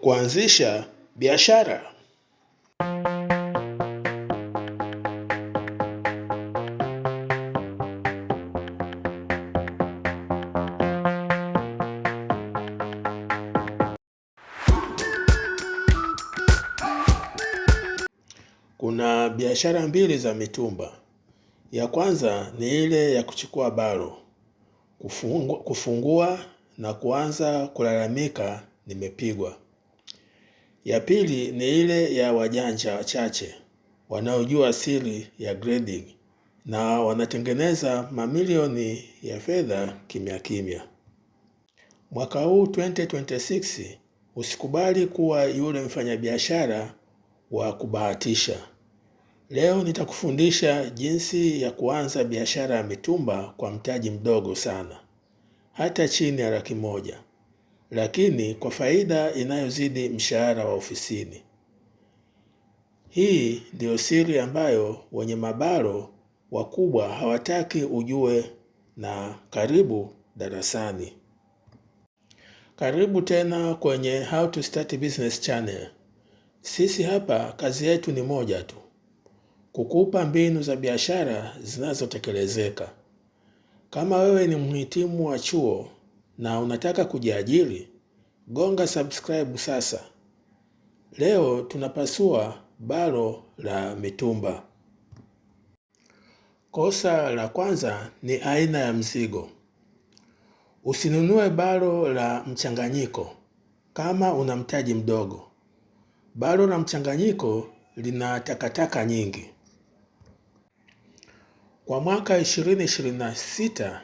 Kuanzisha biashara. Kuna biashara mbili za mitumba. Ya kwanza ni ile ya kuchukua balo, kufungua, kufungua na kuanza kulalamika nimepigwa. Ya pili ni ile ya wajanja wachache wanaojua siri ya grading na wanatengeneza mamilioni ya fedha kimya kimya. Mwaka huu 2026 usikubali kuwa yule mfanyabiashara wa kubahatisha. Leo nitakufundisha jinsi ya kuanza biashara ya mitumba kwa mtaji mdogo sana, hata chini ya laki moja lakini kwa faida inayozidi mshahara wa ofisini. Hii ndiyo siri ambayo wenye mabalo wakubwa hawataki ujue, na karibu darasani. Karibu tena kwenye How to Start Business Channel. Sisi hapa kazi yetu ni moja tu, kukupa mbinu za biashara zinazotekelezeka. Kama wewe ni mhitimu wa chuo na unataka kujiajiri, gonga subscribe sasa. Leo tunapasua balo la mitumba. Kosa la kwanza ni aina ya mzigo. Usinunue balo la mchanganyiko kama una mtaji mdogo. Balo la mchanganyiko lina takataka nyingi. Kwa mwaka 2026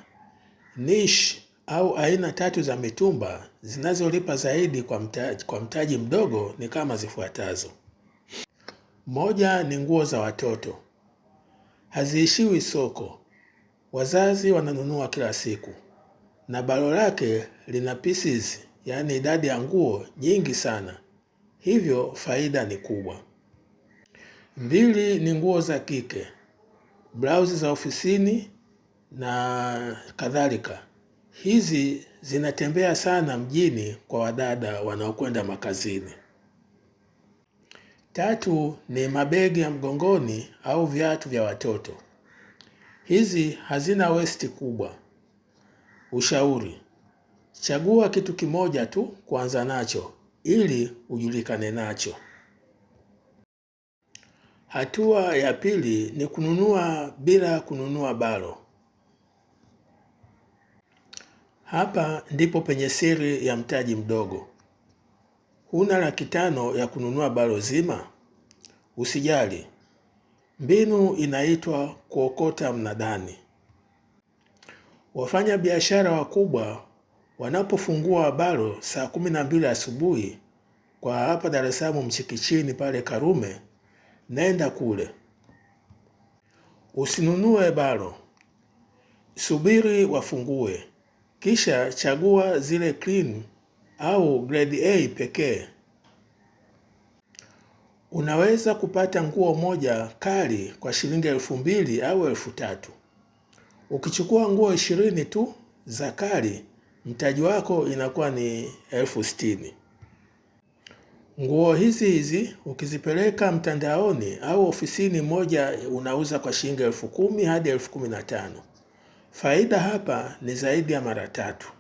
Niche au aina tatu za mitumba zinazolipa zaidi kwa mtaji, kwa mtaji mdogo ni kama zifuatazo. Moja ni nguo za watoto, haziishiwi soko, wazazi wananunua kila siku, na balo lake lina pieces, yaani idadi ya nguo nyingi sana, hivyo faida ni kubwa. Mbili ni nguo za kike, blausi za ofisini na kadhalika hizi zinatembea sana mjini kwa wadada wanaokwenda makazini. Tatu ni mabegi ya mgongoni au viatu vya watoto. Hizi hazina westi kubwa. Ushauri: chagua kitu kimoja tu kuanza nacho ili ujulikane nacho. Hatua ya pili ni kununua bila kununua balo. Hapa ndipo penye siri ya mtaji mdogo. Huna laki tano ya kununua balo zima? Usijali, mbinu inaitwa kuokota mnadani. Wafanya biashara wakubwa wanapofungua balo saa kumi na mbili asubuhi kwa hapa Dar es Salaam Mchikichini pale Karume, nenda kule. Usinunue balo, subiri wafungue. Kisha chagua zile clean au grade A pekee. Unaweza kupata nguo moja kali kwa shilingi elfu mbili au elfu tatu. Ukichukua nguo ishirini tu za kali, mtaji wako inakuwa ni elfu sitini. Nguo hizi hizi ukizipeleka mtandaoni au ofisini moja unauza kwa shilingi elfu kumi hadi elfu kumi na tano. Faida hapa ni zaidi ya mara tatu.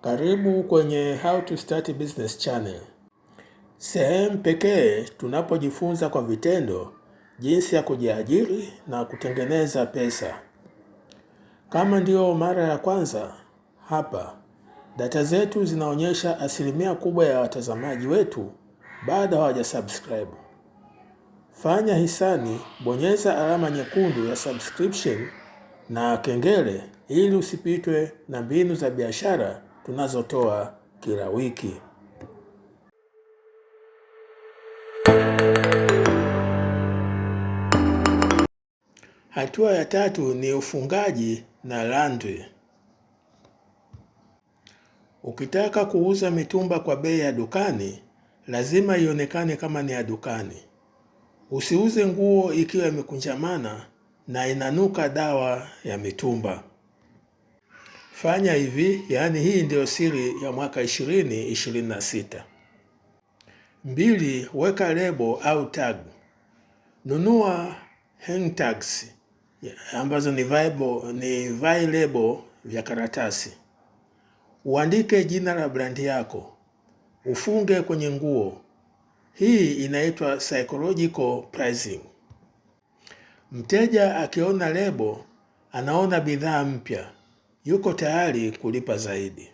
Karibu kwenye How to Start Business Channel, sehemu pekee tunapojifunza kwa vitendo jinsi ya kujiajiri na kutengeneza pesa. Kama ndio mara ya kwanza hapa, data zetu zinaonyesha asilimia kubwa ya watazamaji wetu bado hawaja subscribe. Fanya hisani, bonyeza alama nyekundu ya subscription na kengele ili usipitwe na mbinu za biashara tunazotoa kila wiki. Hatua ya tatu ni ufungaji na landri. Ukitaka kuuza mitumba kwa bei ya dukani lazima ionekane kama ni ya dukani. Usiuze nguo ikiwa imekunjamana na inanuka dawa ya mitumba. Fanya hivi, yaani hii ndiyo siri ya mwaka 2026. Mbili, weka lebo au tag. Nunua hang tags ambazo ni viable, ni vi lebo vya karatasi. Uandike jina la brandi yako ufunge kwenye nguo. Hii inaitwa psychological pricing. Mteja akiona lebo, anaona bidhaa mpya, yuko tayari kulipa zaidi.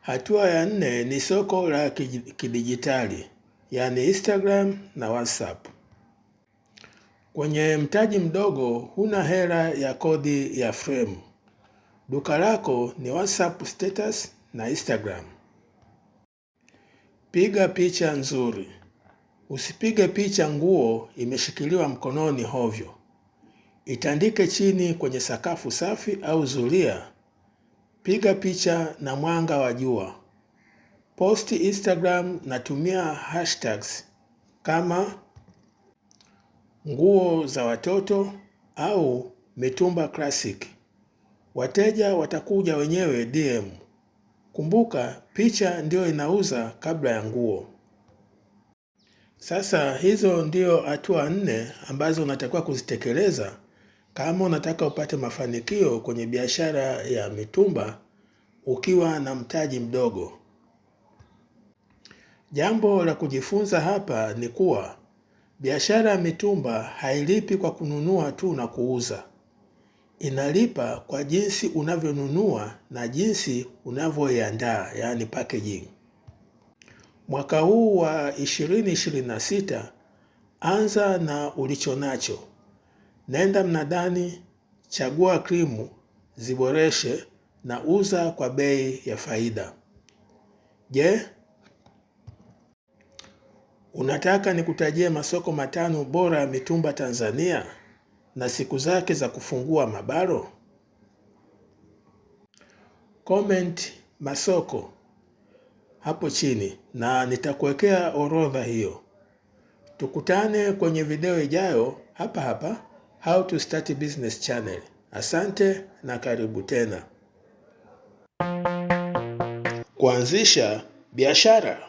Hatua ya nne ni soko la kidijitali, yaani Instagram na WhatsApp. Kwenye mtaji mdogo, huna hela ya kodi ya fremu. Duka lako ni WhatsApp status na Instagram. Piga picha nzuri. Usipige picha nguo imeshikiliwa mkononi hovyo. Itandike chini kwenye sakafu safi au zulia. Piga picha na mwanga wa jua. Posti Instagram natumia hashtags kama nguo za watoto au mitumba classic. Wateja watakuja wenyewe DM. Kumbuka picha ndiyo inauza kabla ya nguo. Sasa hizo ndiyo hatua nne ambazo unatakiwa kuzitekeleza kama unataka upate mafanikio kwenye biashara ya mitumba ukiwa na mtaji mdogo. Jambo la kujifunza hapa ni kuwa biashara ya mitumba hailipi kwa kununua tu na kuuza inalipa kwa jinsi unavyonunua na jinsi unavyoiandaa, yaani packaging. Mwaka huu wa 2026 anza na ulichonacho. Nenda mnadani, chagua krimu, ziboreshe na uza kwa bei ya faida. Je, unataka nikutajie masoko matano bora ya mitumba Tanzania? na siku zake za kufungua mabaro? Comment masoko hapo chini na nitakuwekea orodha hiyo. Tukutane kwenye video ijayo hapa hapa How to Start Business Channel. Asante na karibu tena. Kuanzisha biashara